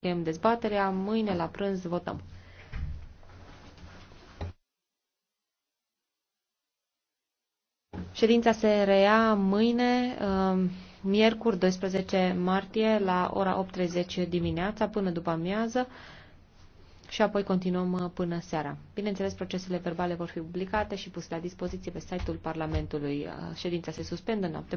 Chem dezbaterea, mâine la prânz votăm. Ședința se reia mâine, um, miercuri 12 martie, la ora 8.30 dimineața, până după amiază, și apoi continuăm uh, până seara. Bineînțeles, procesele verbale vor fi publicate și puse la dispoziție pe site-ul Parlamentului. Uh, ședința se suspendă, noapte bună.